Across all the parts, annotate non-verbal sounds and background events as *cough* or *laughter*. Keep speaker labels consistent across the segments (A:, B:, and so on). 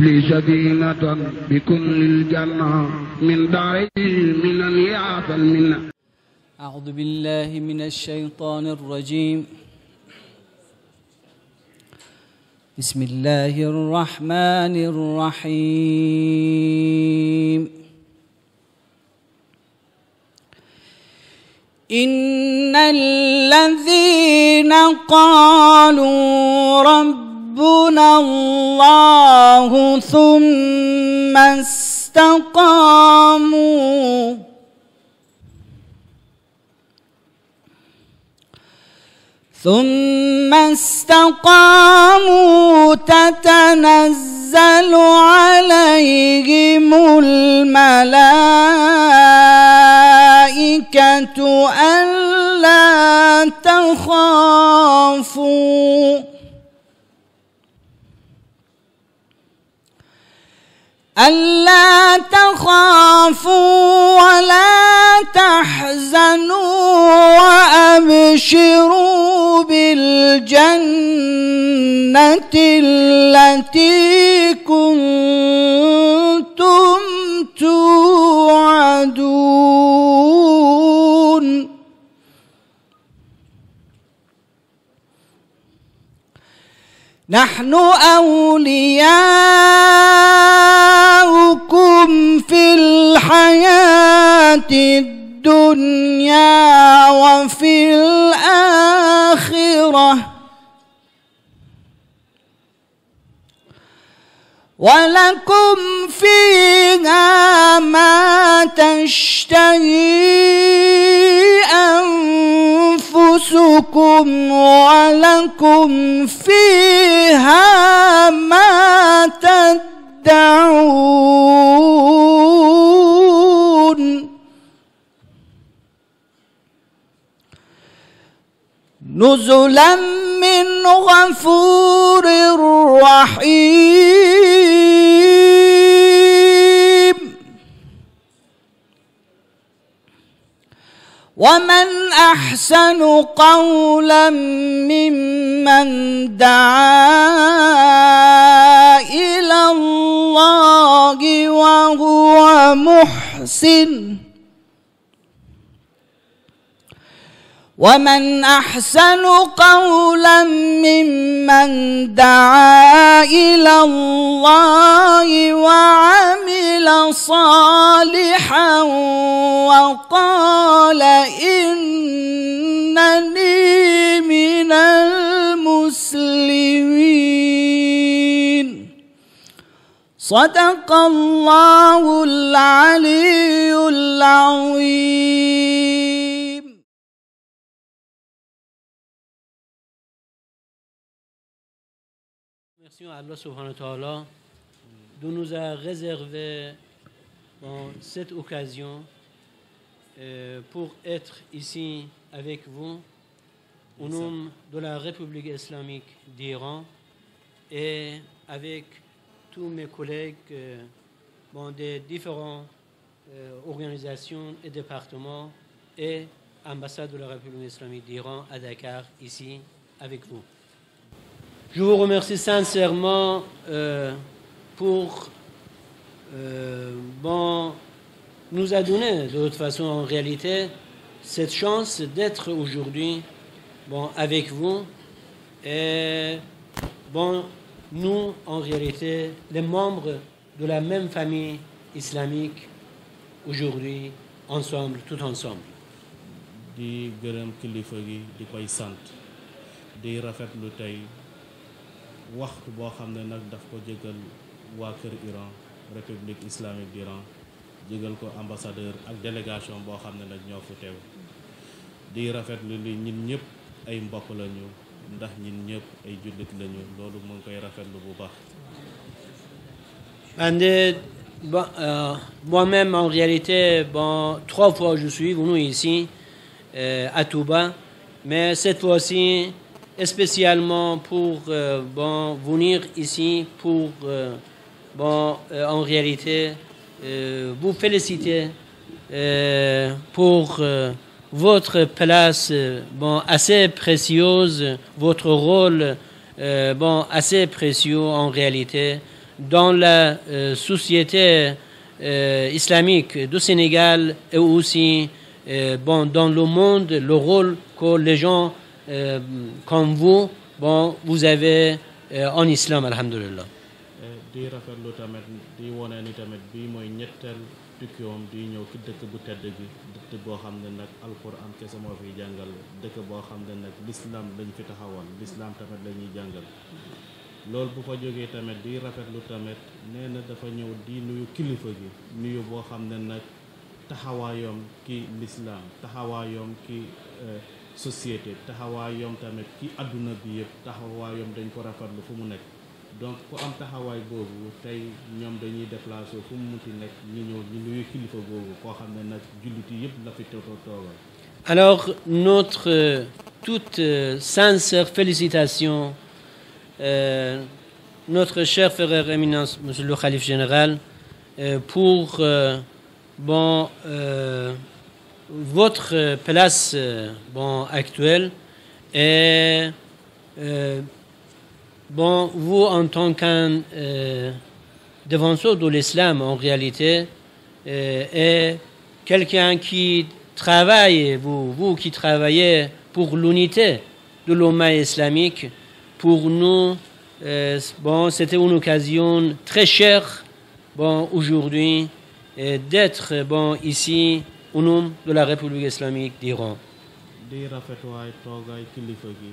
A: li sadinatan bi kullil janna min daari minan yaasal minna أعوذ بالله من الشيطان
B: الرجيم بسم الله الرحمن الرحيم إن الذين قالوا رب ربنا الله ثم استقاموا ثم استقاموا تتنزل عليهم الملائكة ألا تخافوا ألا تخافوا ولا تحزنوا وأبشروا بالجنة التي كنتم توعدون نحن أولياء يُعِدُكُمْ فِي الْحَيَاةِ الدُّنْيَا وَفِي الْآخِرَةِ وَلَكُمْ فِيهَا مَا تَشْتَهِي أَنفُسُكُمْ وَلَكُمْ فِيهَا مَا تَدْعُونَ تودعون نزلا من غفور رحيم ومن احسن قولا ممن دعا الى الله وهو محسن ومن احسن قولا ممن دعا الى الله وعمل صالحا وقال انني من المسلمين صدق الله العلي العظيم Allah subhanahu wa
A: ta'ala de nous a réservé bon, cette occasion euh, pour être ici avec vous au nom de la République islamique d'Iran et avec tous mes collègues euh, des différentes euh, organisations et départements et ambassades de la République islamique d'Iran à Dakar, ici, avec vous. Je vous remercie sincèrement euh, pour... Euh, bon, nous a donné de toute façon en réalité cette chance d'être aujourd'hui bon, avec vous. Et bon, nous, en réalité, les membres de la même famille islamique, aujourd'hui, ensemble, tout ensemble. di gërëm kilifa gi di koy sant
C: di rafetlu tey waxtu boo xam ne nag daf ko jégal waa kër Iran république islamique d'Iran jégal ko ambassadeur ak délégation boo xam ne nag ñoo fu teew di rafetlu li ñun ñëpp ay mbokk lañu ndax ñun ñëpp ay jullit lañu loolu mu ngi koy rafetlu bu baax.
A: And uh, bon, euh, moi-même en réalité trois fois je suis venu ici euh, à Touba mais cette fois-ci spécialement pour euh, bon, venir ici pour, euh, bon, euh, en réalité, euh, vous féliciter euh, pour euh, votre place bon, assez précieuse, votre rôle bon, assez précieux en réalité dans la société islamique du Sénégal et aussi bon, dans le monde, le rôle que les gens euh, comme vous bon vous avez euh, en islam alhamdulillah
C: euh, di rafetlu tamit di wone ni tamit bi mooy ñetteel tukkiwam di ñëw ki dëkk bu tedd gi dëkk boo xam ne nag alquran kese moo fiy jàngal dëkk boo xam ne nag l'islam lañ fi taxawoon l'islam tamit la ñuy jàngal loolu bu fa jógee tamit di rafetlu tamit nee dafa ñëw di nuyu kilifa gi nuyu boo xam ne nag taxawaayoom ki l'islam taxawaayoom ki euh, société taxawaayam tamit ci àdduna bi yëpp taxawaayam dañ ko rafetlu fu mu nekk donc ku am taxawaay boobu tey ñoom dañuy déplacé fu mu munti nekk ñu ñëw ñu nuyu kilifa boobu koo xam ne nag jullit yi yëpp la fi toto toogal
A: alors notre euh, toute euh, sincère félicitation euh, notre cher frère éminence monsieur le khalife général euh, pour euh, bon euh, votre euh, place euh, bon, actuelle et euh, bon, vous en tant qu'un euh, défenseur de l'islam en réalité euh, quelqu'un qui travaille, vous, qui travaillez pour l'unité de l'Oma islamique, pour nous, c'était une occasion très chère aujourd'hui d'être ici unum de la République islamique di
C: rafetwaay toogaay kilifa gi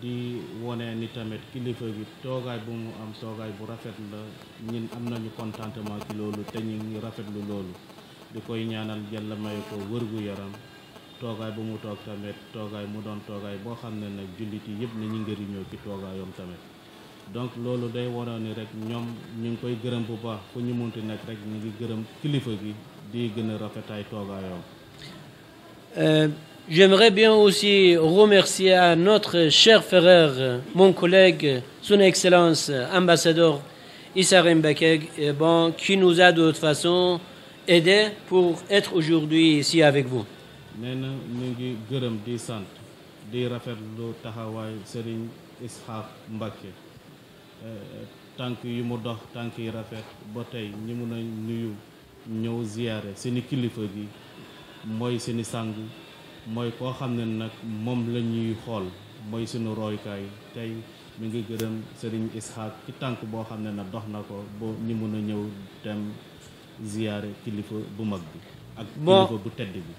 C: di wone ni tamit kilifa gi toogaay bu mu am toogaay bu rafet la ñin am nañu contentement ci loolu te ñu ngi lu loolu di koy ñaanal Yàlla may ko wërgu yaram toogaay bu mu toog tamit toogaay mu doon toogaay boo xam ne nag jullit yi yëpp nañu njëriñoo ci toogaayam tamit donc loolu day wone ni rek ñoom ñu ngi koy gërëm bu baax fu ñu munti nekk rek ñu ngi gërëm kilifa gi di gën a rafetaay toogaayam
A: euh, J'aimerais bien aussi remercier à notre cher frère, mon collègue, son Excellence, ambassadeur Issa Mbakeg, eh bon, qui nous a de toute façon aidés pour être aujourd'hui ici avec vous. nee na mu ngi gërëm di sant di
C: rafetlu taxawaay Serigne Ishaq Mbacké euh, tànk yu mu dox tànk rafet ba tey ñi mun nuyu ñëw ziyaare seeni kilifa gi mooy seeni sàng mooy koo xam ne nag moom la ñuy xool mooy suñu roykaay tey mu ngi gërëm sëriñ Isxaaq ci tànk boo xam ne na dox na ko ñu mën a ñëw dem ziyaare kilifa bu mag bi ak kilifa bu tedd bi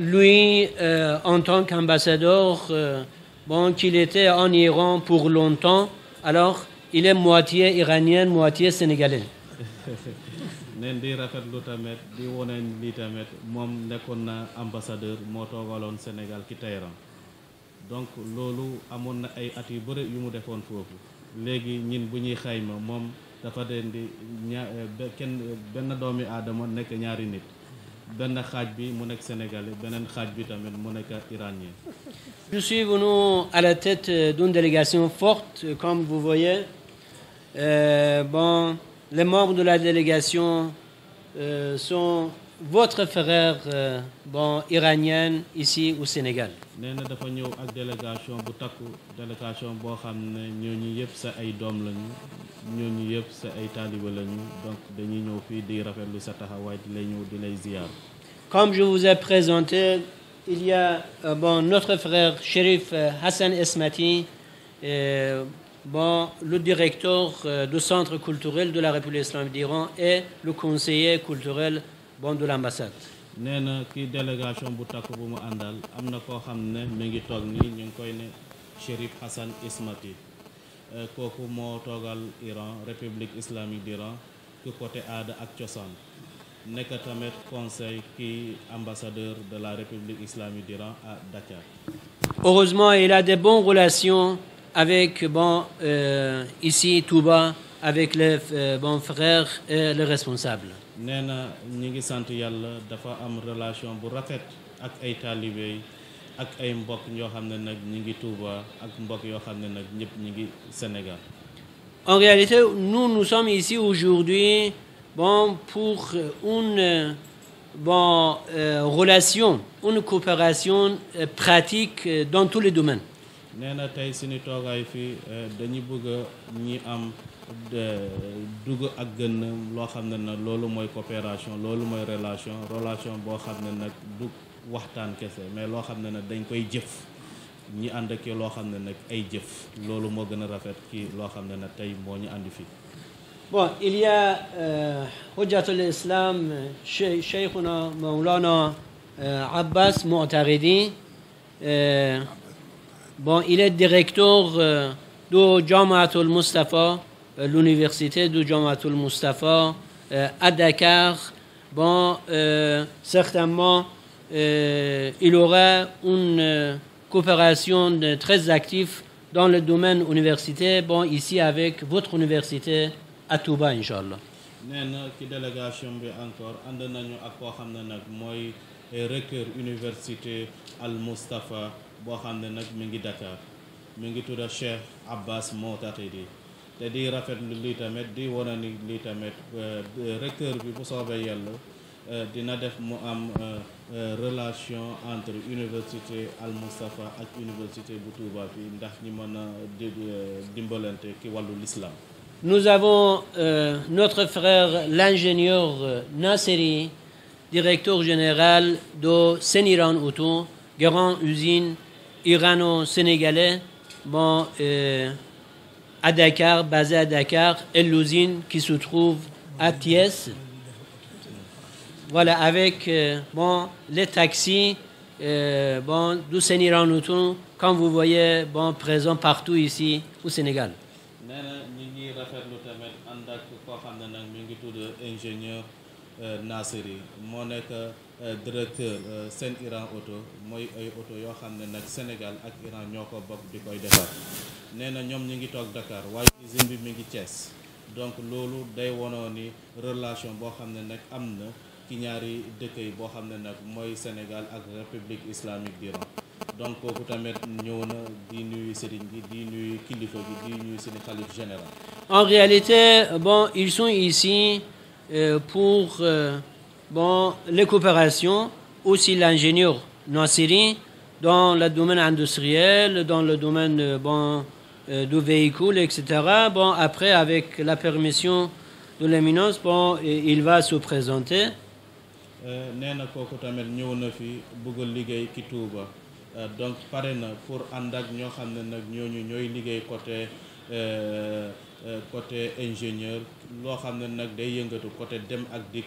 A: lui euh, en tant qu'ambassadeur euh, bon qu'il était en Iran pour longtemps alors il est moitié iranien moitié sénégalais
C: *laughs* neen di rafetlu tamit di wone ni tamit moom nekkoon na ambassadeur moo toogaloon Sénégal ki Téhéran donc loolu amoon na ay at yu bëri yu mu defoon foofu léegi ñin bu ñuy xayma moom dafa den di kenn benn doomi aadama nekk ñaari nit benn xaaj bi mu nekk sénégalais beneen xaaj bi tamit mu nekk iranien.
A: Je suis venu à la tête d'une délégation forte comme vous voyez euh, les membres de la délégation euh, sont votre frère euh, ici au Sénégal. nee na dafa ñëw ak délégation bu takku
C: délégation boo xam ne ñooñu yëpp sa ay doom lañu ñooñu yëpp
A: sa ay taaliba lañu donc dañuy ñëw fii di lu sa taxawaay di lay ñëw di lay ziar. comme je vous ai présenté a euh, bon notre frère Chérif euh, Hassan Esmati. Euh, Bon, le directeur euh, du Centre culturel de la République islamique d'Iran et le conseiller culturel bon, de l'ambassade.
C: nee na kii délégation bu takk bu mu àndal am na koo xam ne mi ngi toog nii ñu ngi koy ne Chérif Hassan Ismati euh, kooku moo toogal Iran République islamique d'Iran ci côté aada ak cosaan nekk tamit conseil kii ambassadeur de la République islamique d'Iran à Dakar.
A: Heureusement, il a des bonnes relations avec bon euh, ici Touba avec les euh, bon frères nee na ñi ngi sant yàlla dafa
C: am relation bu rafet ak ay taalibe ak ay mbok ñoo xam ne nag ñi ngi
A: Touba ak mbok yoo xam ne nag ñëpp ñi ngi Sénégal. En réalité, nous nous sommes ici aujourd'hui bon pour une bon euh, relation, une coopération euh, pratique euh, dans tous les domaines.
C: nee na tey suñu toogaay fii eh, dañu bëgg a ñi am eh, dugg ak gën loo xam ne nag loolu mooy coopération loolu mooy relation relation boo xam ne nag du waxtaan kese mais loo xam ne nag dañ koy jëf ñi ànd ak loo xam ne nag ay jëf loolu moo gën a rafet kii loo xam ne nag tey moo ñu àndi fii
A: bon il y a euh, hujjatul islam cheikhuna mawlana euh, abbas mu'taridi euh, Bon, il est directeur euh, du Jamaatul Mustafa, euh, l'université du Jamaatul Mustafa euh, à Dakar. Bon, euh, certainement, euh, il aura une euh, coopération très active dans le domaine universitaire, bon, ici avec votre université à Touba, Inch'Allah.
C: nee na ci délégation bi encore ànd nañu ak koo xam ne mooy recteur université Al Moustapha boo xam ne nag mu ngi Dakar mi ngi tudda Cheikh Abbas Moutatidi te di rafet lii tamit di wane ni lii tamit euh, recteur bi bu soobee yàlla euh, dina def mu am euh, relation entre université Al Moustapha ak université bu Touba fii ndax ñi mën a dimbalante ki wàllu l'islam
A: Nous avons euh, notre frère l'ingénieur Nasseri, directeur général de Seniran Auto, grande usine Iran au Sénégalais, bon, euh, à Dakar, basé à Dakar, et l'usine qui se trouve à Thiès. Voilà, avec euh, bon, les taxis euh, bon, du Sénégal autour, comme vous voyez, bon, présent partout ici au Sénégal.
C: ingénieur Euh, Naseri moo nekk euh, directeur euh, seen Iran auto mooy ay auto yoo xam ne nag Sénégal ak Iran ñoo ko bokk di koy defar nee na ñoom ñu ngi toog Dakar waaye usine bi mi ngi cees donc loolu day wonoo ni relation boo xam ne nag am na ci ñaari dëkk yi boo xam ne nag mooy Sénégal ak République islamique d'Iran donc kooku tamit ñëw na di nuyu sëriñ bi di nuyu kilifa bi di nuyu seen xalif général.
A: En réalité, bon, ils sont ici. Euh, pour euh, bon, les coopérations, aussi l'ingénieur Nassiri dans le domaine industriel, dans le domaine euh, bon, du véhicule, etc. Bon, après, avec la permission de l'éminence, bon, il va se présenter.
C: nee na kooku tamit ñëw na fi bëgg liggéey ki Touba donc pare na pour ànd ak ñoo xam ne nag ñooñu liggéey côté. Euh, côté ingénieur loo xam ne nag day yëngatu côté dem ak dikk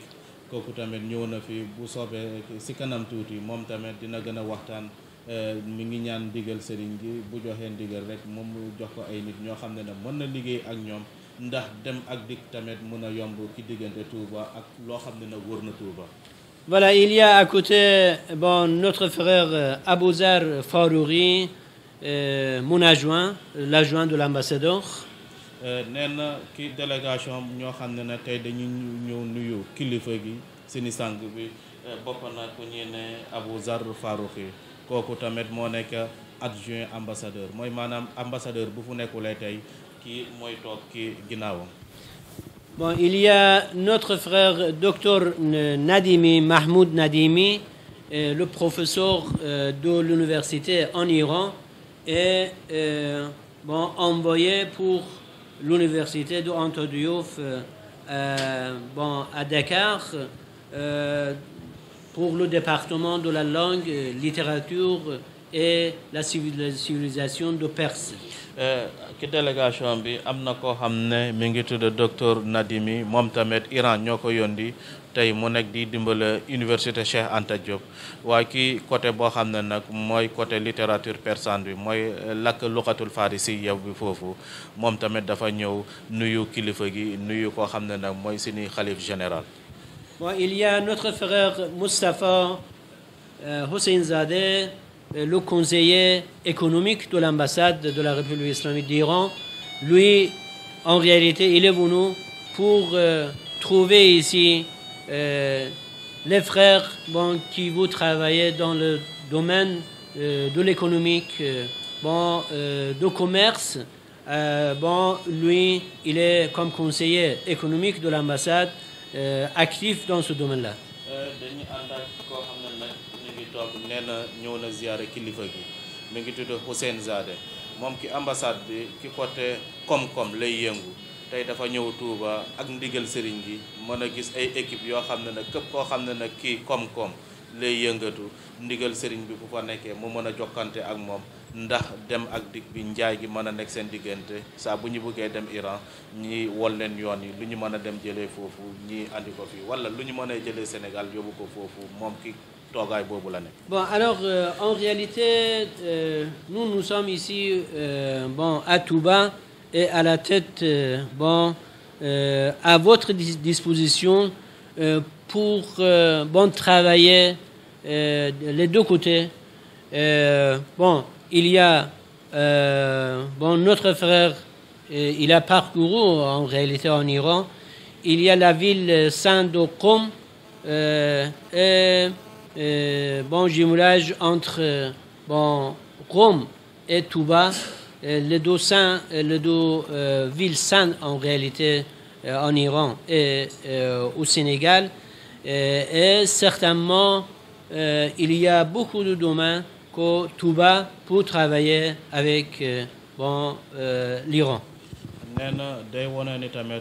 C: kooku tamit ñëw na fi bu soobee si kanam tuuti moom tamit dina gën a waxtaan euh, mi ngi ñaan diggal sëriñ bi bu joxee ndigal rek moom mu jox ko ay nit ñoo xam ne ne mën na liggéey ak ñoom ndax dem ak dikk tamit mën a yomb ki diggante tuuba ak loo xam ne na wër na Touba
A: Voilà, il y a à côté bon, notre frère euh, Abouzar Farouri, euh, mon adjoint, l'adjoint de l'ambassadeur.
C: Euh, nee na ki délégation ñoo xam ne na tey dañu ñëw nuyu kilifa gi seeni sang bi euh, bopp na ku ñuy ne Zar Farouqi kooku tamit moo nekk adjoint ambassadeur mooy maanaam ambassadeur bu fu nekkulee tey kii mooy toog ki ginnaawam
A: bon il y a notre frère docteur Nadimi Mahmoud Nadimi euh, le professeur de l'université en Iran est envoyé pour l'université de Anto Diouf euh, euh, bon, à Dakar euh, pour le département de la langue, littérature et la civilisation de Perse.
C: Euh, ki délégation bi am na koo xam ne mi ngi tudd docteur Nadimi moom tamit Iran ñoo ko yónni tey mu nekk di dimbale université Cheikh Anta Diop waaye kii côté boo xam ne nag mooy côté littérature persane bi mooy euh, lakk luxatul farisiya bi foofu moom tamit dafa ñëw nuyu kilifa gi nuyu koo xam ne nag mooy suñuy xalif général.
A: bon il y notre frère Moustapha euh, Hussein Zadeh euh, le conseiller économique de l'ambassade de la République islamique d'Iran lui en réalité il est venu pour trouver ici euh, les frères bon, qui vous travaillez dans le domaine euh, de l'économique, euh, bon, euh, de commerce, euh, bon, lui, il est comme conseiller économique de l'ambassade actif dans ce domaine-là.
C: mi ngi tudd Hussein Zade moom ki ambassade bi ki côté koom-koom lay yëngu tey dafa ñëw Touba ak ndigal sëriñ gi mën a gis ay équipe yoo xam ne nag képp koo xam ne nag kii koom-koom lay yëngatu ndigal sëriñ bi bu fa nekkee mu mën a jokkante ak moom ndax dem ak digg bi njaay gi mën a nekk seen diggante saa bu ñu bëggee dem Iran ñi wol leen yoon yi lu ñu mën a dem jëlee foofu ñi indi ko fii wala lu ñu mën a jëlee Sénégal yóbbu ko foofu moom ki toogaay boobu la nekk.
A: Bon alors euh, en réalité euh, nous ici euh, bon et à la tête, euh, bon, euh, à votre disposition euh, pour euh, bon, travailler euh, les deux côtés. Euh, bon, il y a bon, notre frère, il a parcouru en réalité en Iran. Il y a la ville sainte de Qom et bon jumelage entre bon, Qom et Touba. Euh, le deux, saints, les deux villes saintes en réalité euh, en Iran et euh, au Sénégal. Et, et certainement, il y a beaucoup de domaines que Touba pour travailler avec bon, l'Iran. nee na day wane ni tamit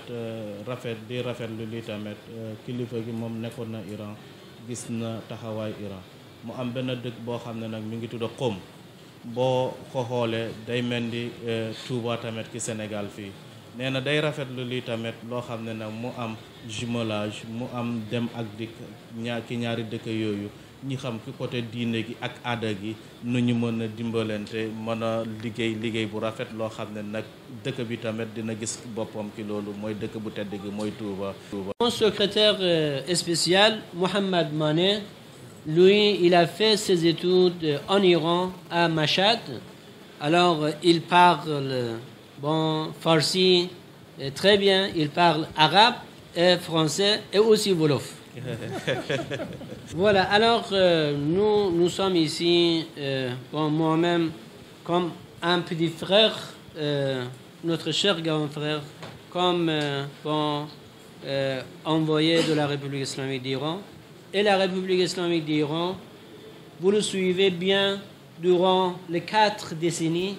C: rafet di rafetlu li tamit kilifa gi moom nekkoon na Iran gis na taxawaay Iran mu am benn dëkk boo xam ne nag mi ngi tudd Qom boo ko xoolee day mel ni eh, Touba tamit ki Sénégal fii nee na day rafetlu lii tamit loo xam ne nag mu am jumelage mu am dem ak dikk ñaar ñaari dëkk yooyu ñu xam ki côté diine gi ak aada gi nu ñu mën a dimbalante mën a liggéey liggéey bu rafet loo xam ne nag dëkk bi tamit dina gis boppam ki loolu mooy dëkk bu tedd gi mooy Touba.
A: Mon secrétaire eh, spécial Mohamed Mané Lui, il a fait ses études en Iran, à Mashhad. Alors, il parle bon, farsi très bien, il parle arabe et français et aussi wolof. *laughs* voilà, alors euh, nous, nous sommes ici, euh, bon, moi-même, comme un petit frère, euh, notre cher grand frère, comme euh, bon, euh, envoyé de la République islamique d'Iran. et la République islamique d'Iran, vous le suivez bien durant les quatre décennies.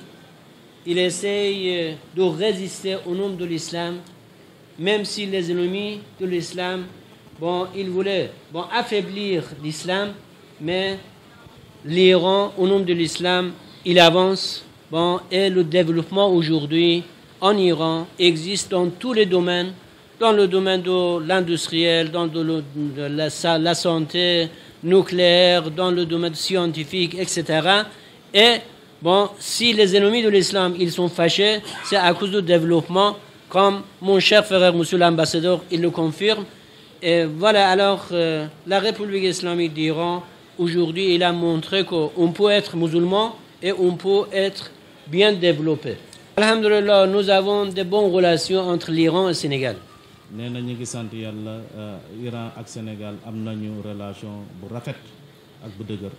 A: Il essaye de résister au nom de l'islam, même si les ennemis de l'islam, bon, ils voulaient bon, affaiblir l'islam, mais l'Iran, au nom de l'islam, il avance. Bon, et le développement aujourd'hui en Iran existe dans tous les domaines dans le domaine de l'industriel, dans le, de la, la, santé nucléaire, dans le domaine scientifique, etc. Et bon, si les ennemis de l'islam, ils sont fâchés, c'est à cause du développement, comme mon cher frère, monsieur l'ambassadeur, il le confirme. Et alors, euh, la République islamique d'Iran, aujourd'hui, il a montré qu'on peut être musulman et on peut bien développé. Alhamdulillah, nous avons de bonnes relations entre l'Iran et le Sénégal.
C: nee na ñu ngi sant yàlla euh, Iran ak Sénégal am nañu relation bu rafet ak bu dëgër.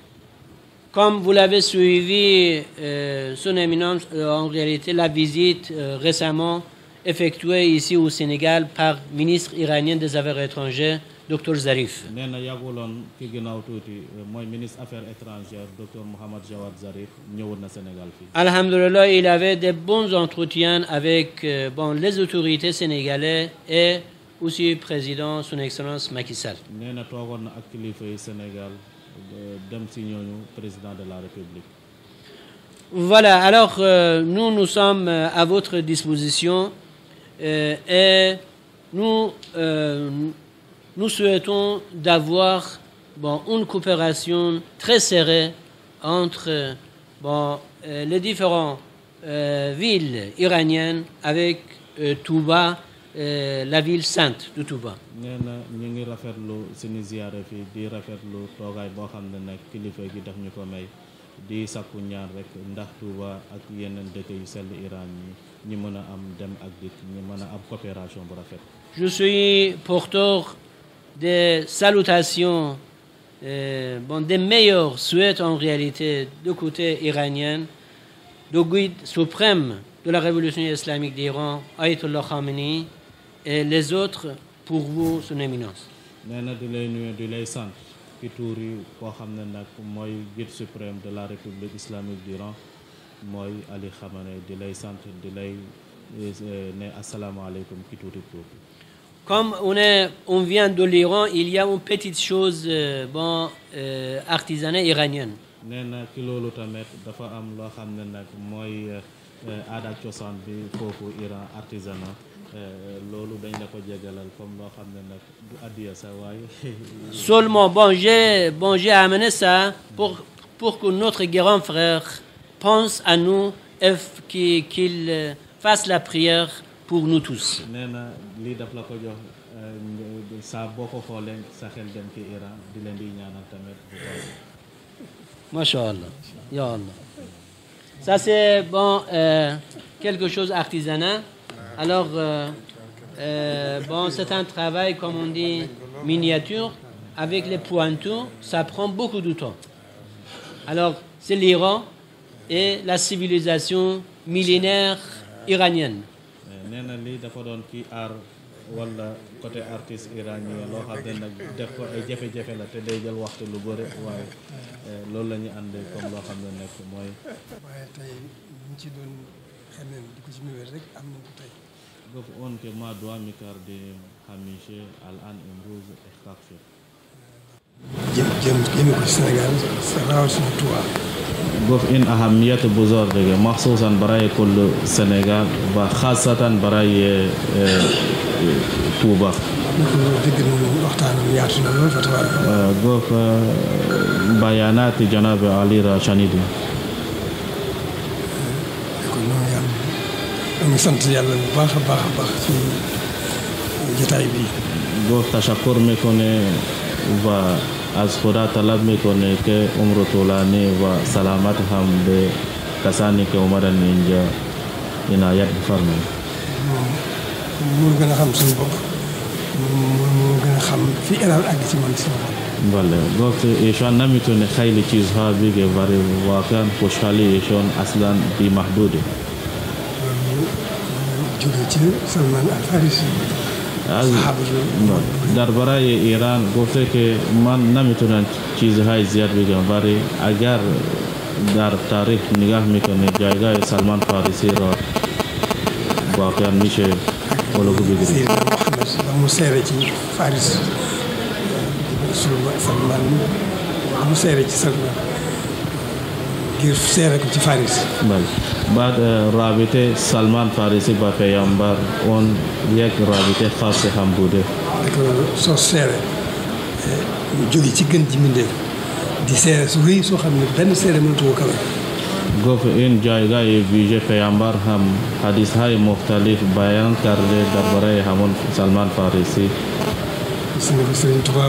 A: Comme vous l'avez suivi, euh, Son Éminence, euh, en réalité, la visite euh, récemment effectuée ici au Sénégal par ministre iranien des Affaires étrangères, docteur Zarif. nee
C: na yàgguloon
A: ki ginnaaw tuuti
C: mooy ministre affaires étrangères docteur Mohamed Jawad Zarif ñëwoon na Sénégal fii. alhamdulillah
A: il avait de bons entretiens avec euh, bon les autorités sénégalaises et aussi président son excellence Macky Sall. nee na toogoon ak kilifa yi Sénégal dem si ñooñu président de la République. voilà alors euh, nous nous sommes euh, à votre disposition euh, et nous. Euh, nous souhaitons d'avoir bon, une coopération très serrée entre bon, euh, les différentes euh, villes iraniennes avec euh, Touba, euh, la ville sainte de Touba. nee na ñu ngi rafetlu suñu ziyaara fii di rafetlu toogaay
C: boo xam ne nag kilifa gi daf ñu ko may di sakku ñaar rek ndax tuba ak yeneen dëkk yu sell Iran yi ñi mën a am dem ak dikk ñi mën a am coopération bu rafet.
A: Je suis porteur des salutations, euh, bon, des meilleurs souhaits en réalité du côté iranien, du guide suprême de la révolution islamique d'Iran, Ayatollah Khamenei, et les autres pour vous, son éminence.
C: nee na du lay nuyu du lay sant ci tuur yi koo xam ne nag mooy de la république islamique d'Iran mooy Ali
A: Khamenei di lay sant di lay euh, Comme on, est, vient de l'Iran, il y petite chose euh, bon euh, artisanale iranienne.
C: nee ci loolu tamit dafa am loo xam ne nag mooy euh, aada cosaan bi foofu Iran artisanal loolu dañ la ko jégalal comme loo xam ne nag du addiya sa waaye. *laughs*
A: seulement bon j'ai bon j'ai pour que notre grand frère pense à nous et qu'il fasse la prière.
C: pour nous tous. nee na lii daf la ko jox euh, saa boo ko xoolee sa xel dem ci Iran di leen di ñaanal tamit.
A: macha allah ya allah ça c'est bon euh, quelque chose artisanal alors euh, euh, bon c'est un travail comme on dit miniature avec les pointures ça prend beaucoup de temps alors c'est l'Iran et la civilisation millénaire iranienne nee na lii dafa doon ci aar
C: wala côté artiste iranien loo xam ne nag def ko ay jafe-jafe la te day jël waxtu lu bëri waaye eh, loolu la ñu ànd comme loo xam ne nekk mooy.
D: waaye tey ñu ci doon xamee ko ci ñëwee rek am nañ ko tey.
C: gof al an imrouz e xaqfe گفت این اهمیت بزرگ دیگه مخصوصا برای کل سنگال و خاصتا برای کوبا گفت بیانات جناب علی را شنیدیم
D: ngi sant yàlla bu baax a baax a baax ci
C: jotaay bi. boo tashakkur mi ko ne waa az huda talabmi kone ke umru tulani wa salamat hambe kasani ke umaran ninja ina yat farme
D: mun gën a xam suñu bopp mun gën xam fi eral àgg ci man si
C: Vale, gote ishon namitone khayli chiz ha bige vari wakan khushhali ishon aslan bi mahdude. در برای ایران گفته که من نمیتونم چیزهای زیاد بگم ولی اگر در تاریخ نگاه میکنید جایگاه سلمان فارسی را واقعا میشه الگو بگیرید
D: فارس سلمان سلمان گیر سیره که فارس بله بعد
C: رابطه سلمان فارسی با پیامبر اون یک رابطه خاص هم بوده
D: سو سره jóge ci gën ji di seere su rëy soo xam ne benn seere mënatu ko kawe
C: گفت این جایگاه ویژه پیامبر هم حدیث های مختلف بیان کرده درباره همون سلمان فارسی
D: gis nga Sëriñ Tuubaa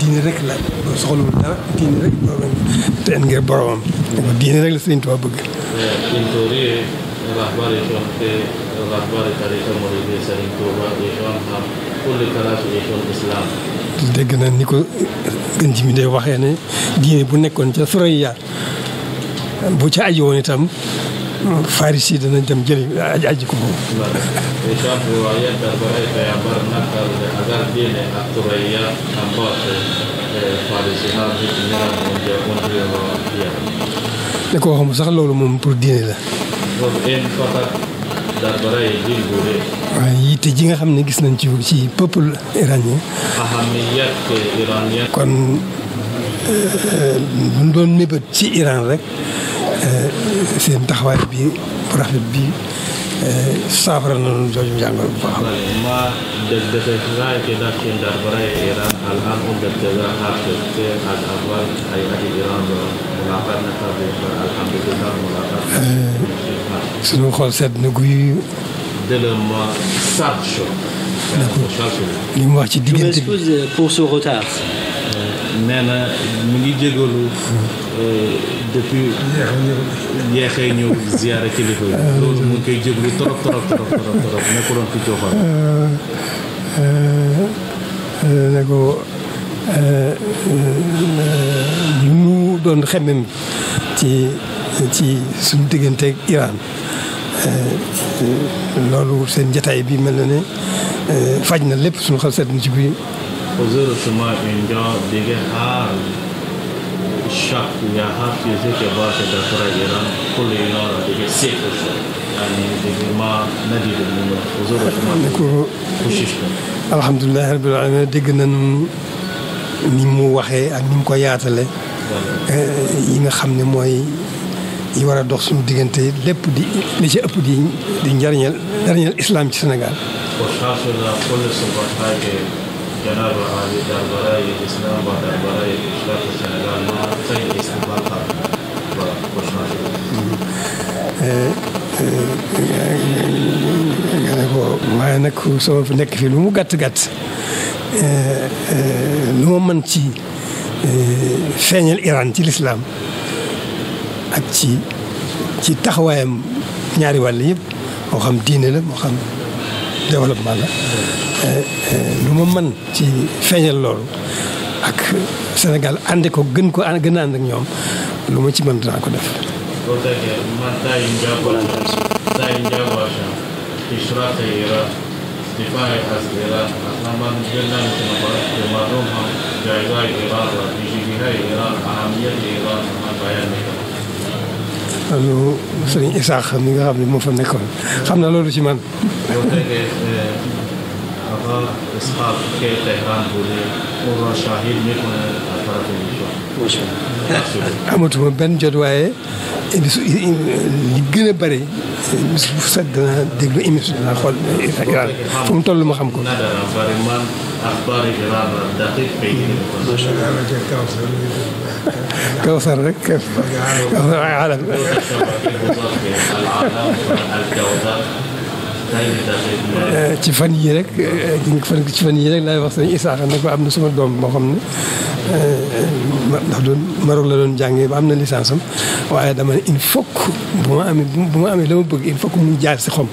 D: diine rek la soxlawul dara diine rek te en nga boromam diine rek la Sëriñ Tuubaa bëgg اینطوری
C: رهبرشون که رهبر طریقه مریدی سرین توبه ایشون هم کل تلاش ایشون اسلام
D: dégg na ni ko gën ci mi dee waxee ne diine bu nekkoon ca Surayya bu ca aji woon itam Faris yi danañ dem jëli aji ko moom.
C: Islam riwayat dari Peygamber nakal agar diine ak Surayya ambas eh, Faris yi nak di menyerang menjauh dari
D: ne ko mu sax loolu moom pour diine la. waaye yitte ji nga xam ne gis nañ ci ci peuple iranien. kon buñ euh, doon mébét ci Iran rek euh, seen taxawaat bi bu rafet bi euh, saafara na loolu jooju jàngal bu baax
C: الحق بالجزاء حق الشيء الأول أي أدي إيران ملاقات نتابع الحمد لله ملاقات
D: suñu xool sedd na guy.
A: délèlement charge.
D: wax ci diggante bi
A: je m'excuse pour na mu ngi jégalu. depuis yeexee ñëw ziyaara kilifa
C: yi. loolu mu ngi koy jégalu trop trop trop trop nekkuloon fi cooxoon.
D: nego lu e, e, e, nu doon xemmem ci ci suñu digganteeg Iran loolu seen jataay bi mel na ne faj na lépp suñu xel seet na ci biir. alhamdulilah rabbil alamin dégg nañu ni mu waxee ak ni mu ko yaatale eh, yi nga xam ne mooy yi war a dox suñu diggante lépp di li ci ëpp di di njariñal njariñal ci Sénégal. nga ne ko waaye nag sama nekk fii lu mu gàtt gàtt eh, eh, lu ma mën ci eh, feeñal Iran ci lislaam ak ci ci taxawaayam ñaari wàll yëpp moo xam diine la moo xam développement la lu ma mën ci feeñal loolu ak senegal ànd ko gën ko gën a ànd ak ñoom lu ma ci mën dinaa ko def
C: Godek jak Marta Injabwa Sa Injabwa Sha Ishrata Ira Difai Hazira Ahlaman Jillan Kumabar Kumarum Ham Jaiga Ira Wa Nijibiha Ira Ahamiyat Ira Bayan Ira
D: loolu sëriñ Isaax mi nga xam ne moo fa nekkoon xam na loolu ci man
C: avant Ishaq ke Tehran boole Oran Shahid nekkoon na
D: amatuma benn jot waaye bis li gën a bëri bis bu set dana déglu émission dana xool eh, Iran fu mu toll ma xam ko. *laughs* Kawsar rek Kawsar alam
C: *laughs* Euh,
D: ci fan yii rek euh, ci fan yii rek laay wax sëñ Isaaxa ne ko am na sama doom moo xam ne euh, ndax la loon jàngee ba am na licence am waaye dama ne il faut bu ma amee bu ma dama bëgg il fokk mu jaar si xom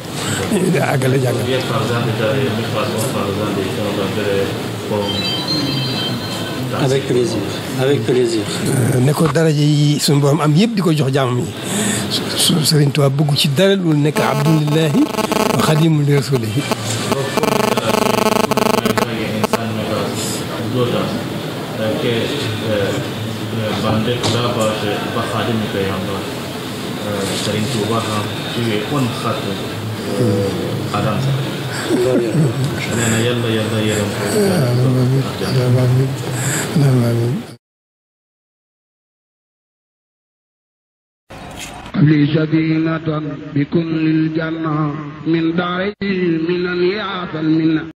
D: daa àggale jàng avec plaisir ne ko daraja yi suñu borom am yëpp di ko jox jaamam yi. su Sëriñ Tuubaa bëgg ci dara lu nekk abdulilahi xadimu li rasulihi
C: bande kulabaje ba hadimi kay hamba Serigne Touba ha ƴiwe on hat adansa nena yalla yalla
B: yeram ko لي سكينة بكل الجنة من داري من يعطى المنة